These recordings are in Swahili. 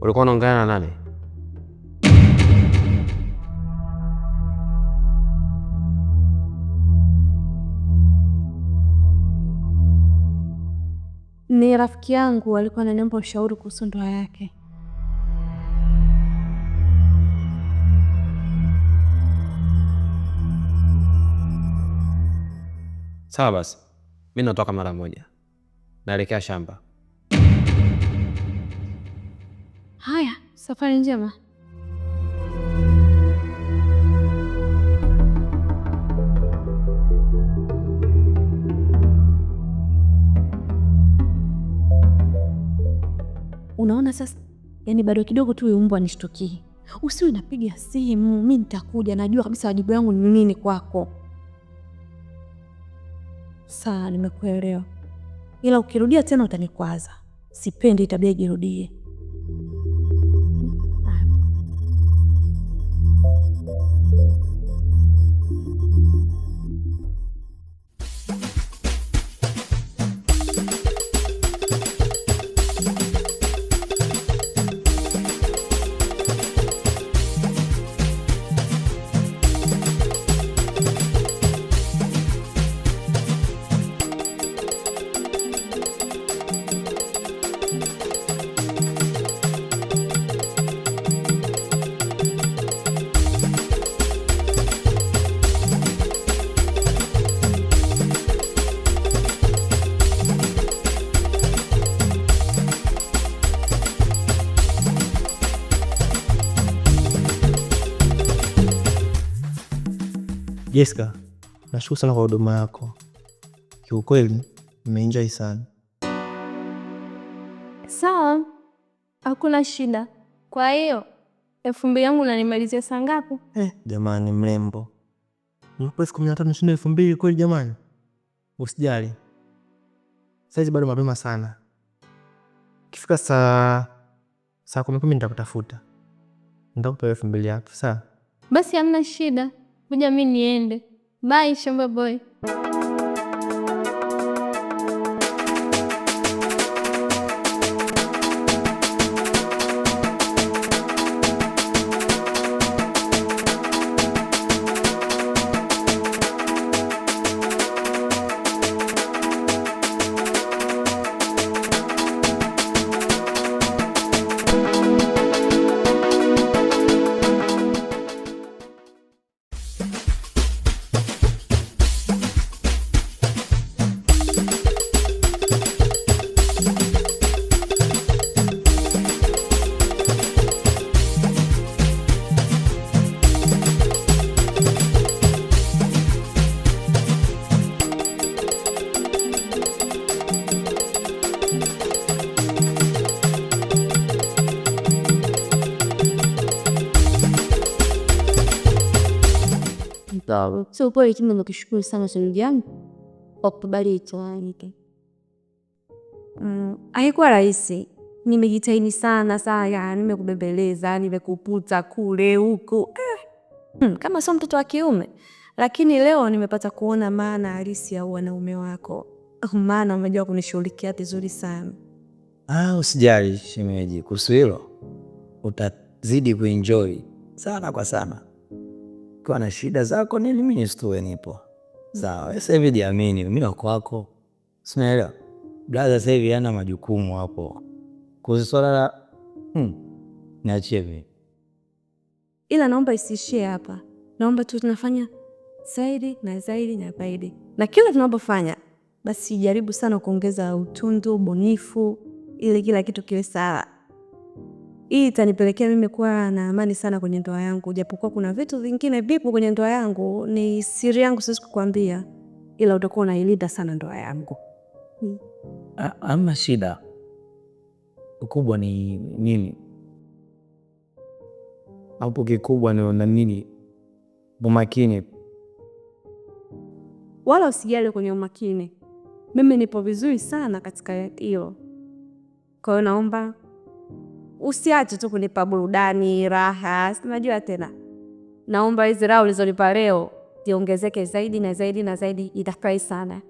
Ulikuwa unaongea na nani? Ni rafiki yangu alikuwa ananiomba ushauri kuhusu ndoa yake. Sawa basi, mi natoka mara moja, naelekea shamba. Haya, safari njema. Unaona sasa, yaani bado kidogo tu huyu mbwa Usiwe napiga simu, mi nitakuja, najua kabisa wajibu wangu ni nini kwako. Sawa, nimekuelewa, ila ukirudia tena utanikwaza. Sipendi tabia ijirudie. Jesca, nashukuru sana kwa huduma yako, kiukweli nimeenjoy sana. Sawa, hakuna shida. Kwa hiyo elfu mbili yangu nanimalizia saa ngapi? Eh, jamani mrembo, mwezi kumi na tano shinda elfu mbili kweli? Jamani usijali, saizi bado mapema sana. Kifika saa saa kumi kumi nitakutafuta, nitakupa elfu mbili hapo. Sawa basi, hamna shida ngoja mi niende. Bye shamba boy. sio pole kima nakishukuru sana shemeji yangu kwa kukubali itoanike. Mm, haikuwa rahisi. Nimejitahidi sana sana, nimekubembeleza, nimekuputa kule huko eh. hmm, kama sio mtoto wa kiume, lakini leo nimepata kuona maana halisi ya wanaume wako, oh, maana umejua kunishughulikia vizuri sana. Ah, usijali shemeji, kuhusu hilo utazidi kuenjoy sana kwa sana ukiwa na shida zako nini, mimi nisitue, nipo sawa. Sasa hivi jiamini, mimi wako wako, sinaelewa brother. Sasa hivi yana majukumu hapo kuzi swala la hmm, niachie mimi, ila naomba isiishie hapa, naomba tu tunafanya zaidi na zaidi na zaidi, na kila tunapofanya basi jaribu sana kuongeza utundu, ubunifu, ili kila kitu kiwe sawa. Hii itanipelekea mimi kuwa na amani sana kwenye ndoa yangu, japokuwa kuna vitu vingine vipo kwenye ndoa yangu, ni siri yangu, siwezi kukuambia, ila utakuwa unailinda sana ndoa yangu. Hmm. shida kubwa ni nini hapo? Kikubwa ni na nini? Umakini. Wala usijali kwenye umakini, mimi nipo vizuri sana katika hilo. Kwa hiyo naomba usiache tu kunipa burudani, raha, sinajua tena. Naomba hizi raha ulizonipa leo ziongezeke zaidi na zaidi na zaidi, itafurahi sana.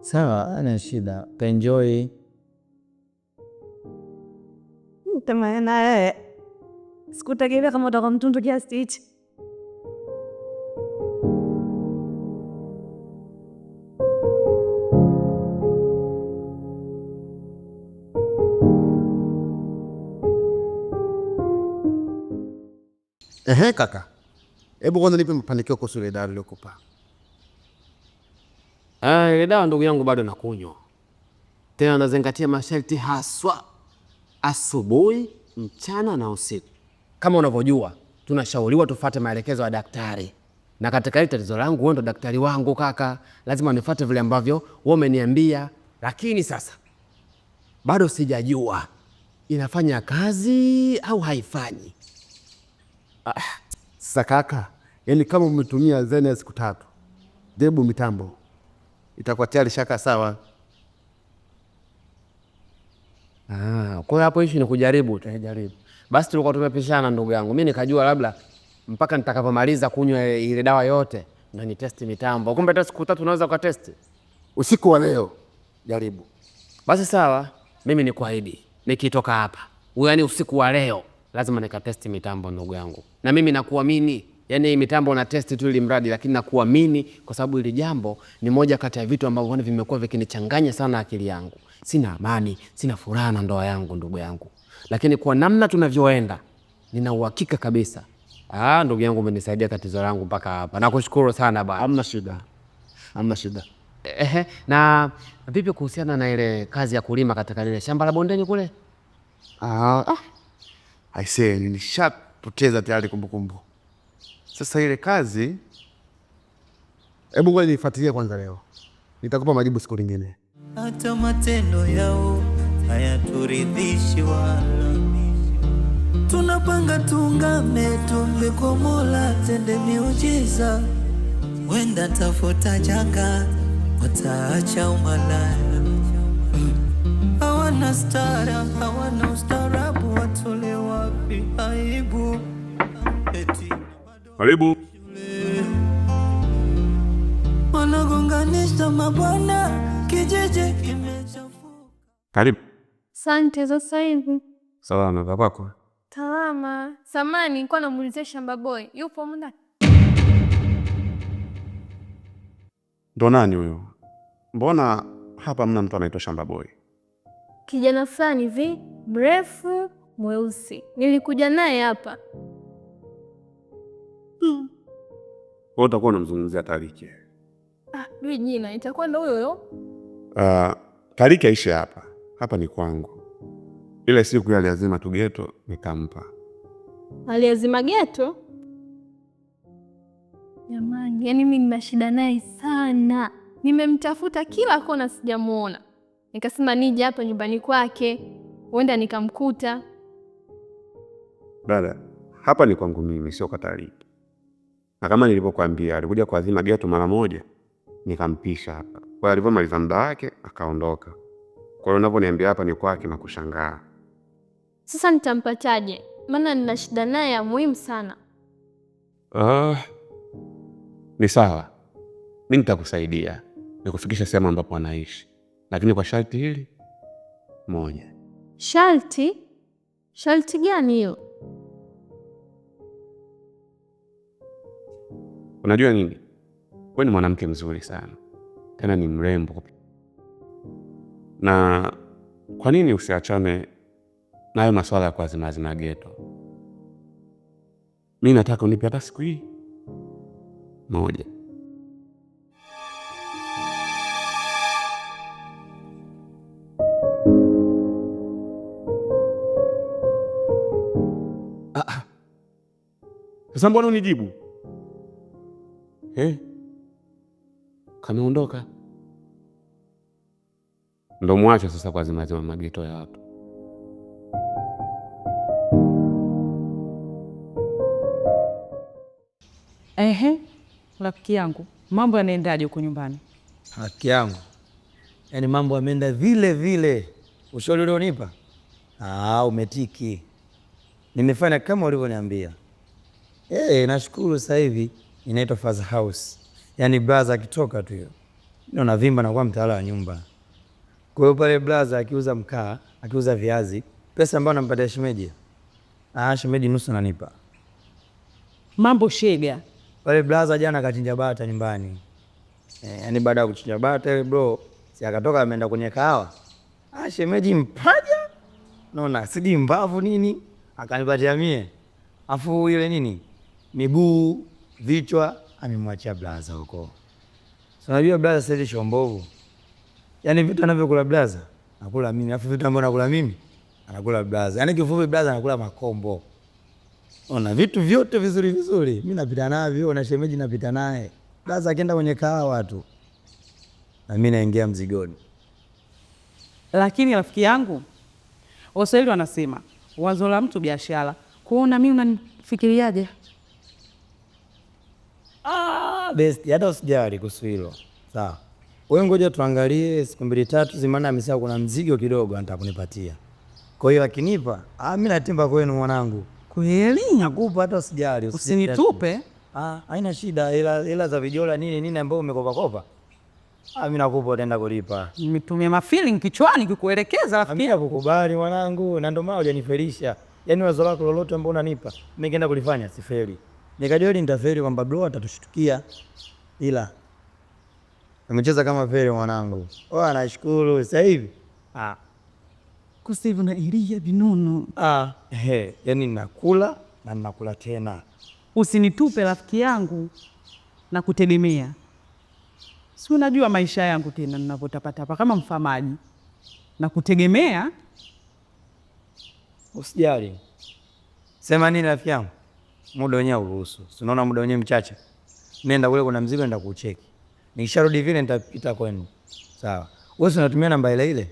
Sawa, ana shida, taenjoy tamananaye. Eh. Sikutegemea kama utakuwa mtundu kiasi hichi. Ehe, kaka, hebu kwanza nipe mafanikio kuhusu ile dawa niliyokupa. Ah, ile dawa ndugu yangu bado nakunywa, tena nazingatia masharti haswa, asubuhi, mchana na usiku. Kama unavyojua tunashauriwa tufate maelekezo ya daktari, na katika hili tatizo langu wewe ndo daktari wangu kaka, lazima nifuate vile ambavyo wewe umeniambia. Lakini sasa bado sijajua inafanya kazi au haifanyi. Sasa kaka, yani kama umetumia zaidi ya siku tatu, jaribu mitambo itakuwa tayari shaka sawa. Ah, kwa hiyo hapo ishi ni kujaribu, utajaribu. Basi tulikuwa tumepishana ndugu yangu, mi nikajua labda mpaka nitakapomaliza kunywa ile dawa yote ndo ni testi mitambo, kumbe hata siku tatu unaweza kwa ukatesti. Usiku wa leo jaribu basi. Sawa, mimi nikuahidi nikitoka hapa, yaani usiku wa leo lazima nikatesti mitambo, ndugu yangu, na mimi nakuamini. Yani hii mitambo na test tu ili mradi, lakini nakuamini kwa sababu hili jambo ni moja kati ya vitu ambavyo wana vimekuwa vikinichanganya sana akili yangu. Sina amani, sina furaha na ndoa yangu, ndugu yangu, lakini kwa namna tunavyoenda, nina uhakika kabisa. Ah, ndugu yangu, umenisaidia tatizo langu mpaka hapa, nakushukuru sana bwana. Hamna shida, hamna shida. Ehe, na vipi kuhusiana na ile kazi ya kulima katika lile shamba la bondeni kule? Ah, ah aisee, nilishapoteza tayari kumbukumbu. Sasa ile kazi, hebu ngoja nifuatilie kwanza, leo nitakupa majibu siku nyingine. Hata matendo yao hayaturidhishi wala tunapanga tungame, tumbeko Mola tende miujiza, wenda tafuta janga, wataacha umalaya, hawana stara, hawana ustara karibu. Karibu. Asante za sasa hivi. Salama za kwako? Salama. Samani nilikuwa namuulizia shamba boy. Yupo muda? Ndo nani huyo? Mbona hapa mna mtu anaitwa shamba boy? Kijana fulani vi mrefu mweusi nilikuja naye hapa hmm. utakuwa unamzungumzia Tariki? Ah, jina itakuwa ndio huyo huyo. Ah, Tariki aishi hapa hapa, ni kwangu. Ile siku ya aliazima tugeto nikampa. Aliazima geto? Jamani, yani mimi nina shida naye sana, nimemtafuta kila kona, sijamwona. Nikasema nije hapa nyumbani kwake, huenda nikamkuta. Brada, hapa ni kwangu mimi, sio katariki Na kama nilivyokuambia, alikuja kwa azima getu mara moja, nikampisha hapa kwa alivyomaliza muda wake akaondoka. Kwa hiyo unavyoniambia hapa ni kwake na kushangaa. Sasa nitampataje? Maana nina shida naye ya muhimu sana. Uh, ni sawa, mi nitakusaidia nikufikisha sehemu ambapo anaishi, lakini kwa sharti hili moja. Sharti? Sharti gani hiyo unajua nini, we ni mwanamke mzuri sana, tena ni mrembo, na kwa nini usiachane nayo hayo maswala ya kuazimazima geto? Mi nataka unipe hata siku hii moja. Ah, ah. Sasa mbona unijibu? eh, kameondoka ndo mwacho sasa kwa zimazima mageto ya watu. Ehe, rafiki yangu, mambo yanaendaje huko nyumbani? Rafiki yangu, yaani mambo yameenda vile vile. Ushauri ulionipa ah, umetiki, nimefanya kama ulivyoniambia. Hey, eh, nashukuru sasa hivi inaitwa Father House, yani blaza akitoka tu hiyo ndio navimba na kuwa mtaala wa nyumba. Kwa hiyo pale blaza akiuza mkaa, akiuza viazi, pesa ambayo nampatia shemeji, ah, shemeji nusu ananipa. Mambo shega pale blaza. Jana akachinja bata nyumbani eh, yani baada ya kuchinja bata ile bro, si akatoka ameenda kwenye kahawa, ah, shemeji mpaja naona sidi mbavu nini akanipatia mie afu ile nini miguu vichwa amemwachia blaza huko. Unajua blaza sasa ni shombovu. Yaani vitu anavyokula blaza nakula mimi, alafu vitu ambavyo nakula mimi anakula blaza. Yaani kifupi blaza anakula makombo. Ona vitu vyote vizuri vizuri, mimi napita navyo na shemeji napita naye. Blaza akienda kwenye kahawa watu. na mimi naingia mzigoni. Lakini rafiki yangu, Waswahili wanasema wazo la mtu biashara. Kuona mimi unanifikiriaje? best, hata usijali kuhusu hilo sawa. Wewe ngoja tuangalie siku mbili tatu zimana, amesema kuna mzigo kidogo anataka kwa hiyo akinipa ah, mimi natimba kwenu mwanangu. Kweli nakupa, hata usijali, usinitupe. Ah, haina shida, ila ila za vijola nini nini ambao umekopa kopa. Ah, mimi nakupa, utaenda kulipa. Nimetumia mafeeling kichwani kukuelekeza rafiki yangu. Kukubali mwanangu, na ndio maana hujanifelisha. Yaani wazo lako lolote ambao unanipa mimi ningeenda kulifanya, sifeli. Nikajua hili nitafeli kwamba bro atatushtukia, ila mcheza kama feli mwanangu. Oh, anashukuru sasa hivi ah, kusivu na ilia vinunu ah, he, yani nakula na nakula tena. Usinitupe rafiki yangu na kutegemea, si unajua maisha yangu tena ninavyotapatapa kama mfamaji na kutegemea. Usijali, sema nini rafiki yangu muda wenyewe hauruhusu. Unaona muda wenyewe mchache. Nenda kule kuna mzigo nenda kucheki. Nikisharudi vile nitapita kwenu. Sawa. Wewe unatumia namba ile ile?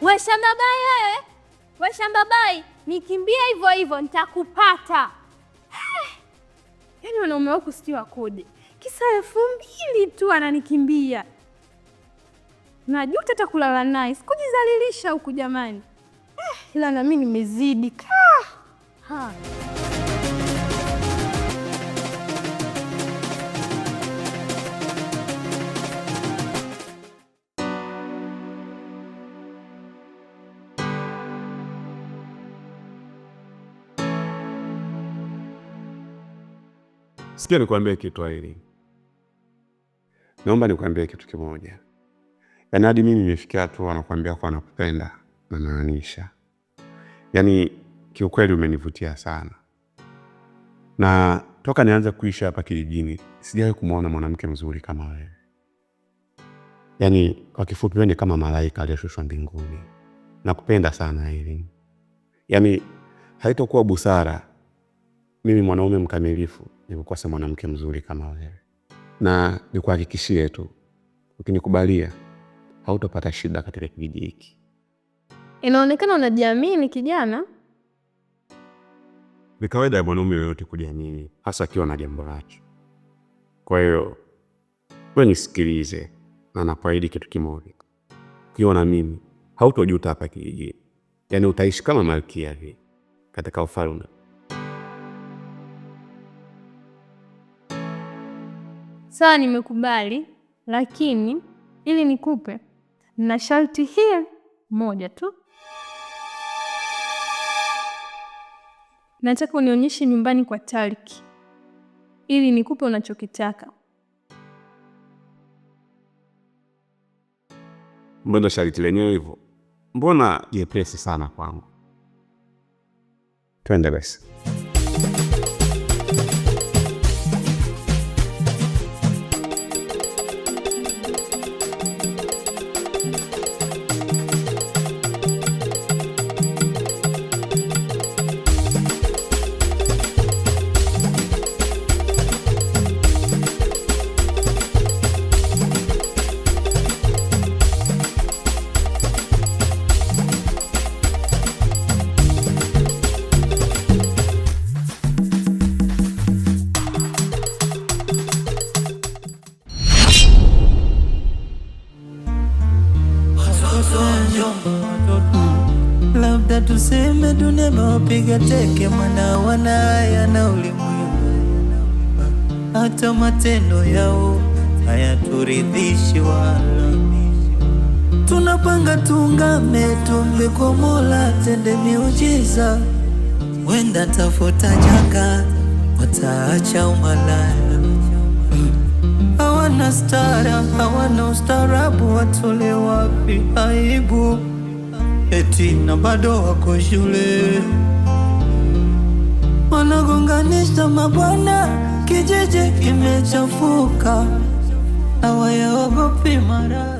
Weshamba bai wewe. bai nikimbia hivyo hivyo nitakupata. Yaani wanaume wako sijui wakode, kisa elfu mbili tu ananikimbia. Najuta hata kulala naye, sikujizalilisha huku jamani, eh, ila mimi nimezidi. Ah. Sikia nikuambie kitu Aili, naomba nikuambie kitu kimoja. Yaani hadi mimi nimefikia tu anakuambia kwa nakupenda na namaanisha, yaani kiukweli umenivutia sana, na toka nianze kuishi hapa kijijini sijawahi kumwona mwanamke mzuri kama wewe. Yaani kwa kifupi, wewe ni kama malaika aliyeshushwa mbinguni. Nakupenda sana Aili, yaani haitokuwa busara mimi mwanaume mkamilifu nikukosa mwanamke mzuri kama wewe, na nikuhakikishie tu, ukinikubalia hautopata shida katika kijiji hiki. Inaonekana unajiamini kijana. Ni kawaida ya mwanaume yoyote kujiamini, hasa akiwa na jambo lake. Kwa hiyo we nisikilize, na nakuahidi kitu kimoja, ukiwa na mimi hautojuta hapa kijijini, yaani utaishi kama malkia hivi katika ufalme. sawa, nimekubali, lakini ili nikupe na sharti hii moja tu, nataka unionyeshe nyumbani kwa Tariki ili nikupe unachokitaka. Mbona sharti lenyewe hivyo? Mbona jepesi sana kwangu? Twende basi. piga teke mwana wanaya na ulimwengu, hata matendo yao hayaturidhishi wala. Tunapanga tungame, tumbe kwa Mola, tende miujiza, wenda tafuta janga, wataacha umalaya. Hawana stara, hawana ustarabu watole wapi aibu? Eti na bado wako shule wanagonganisha mabwana, kijiji kimechafuka, hawayaogopi mara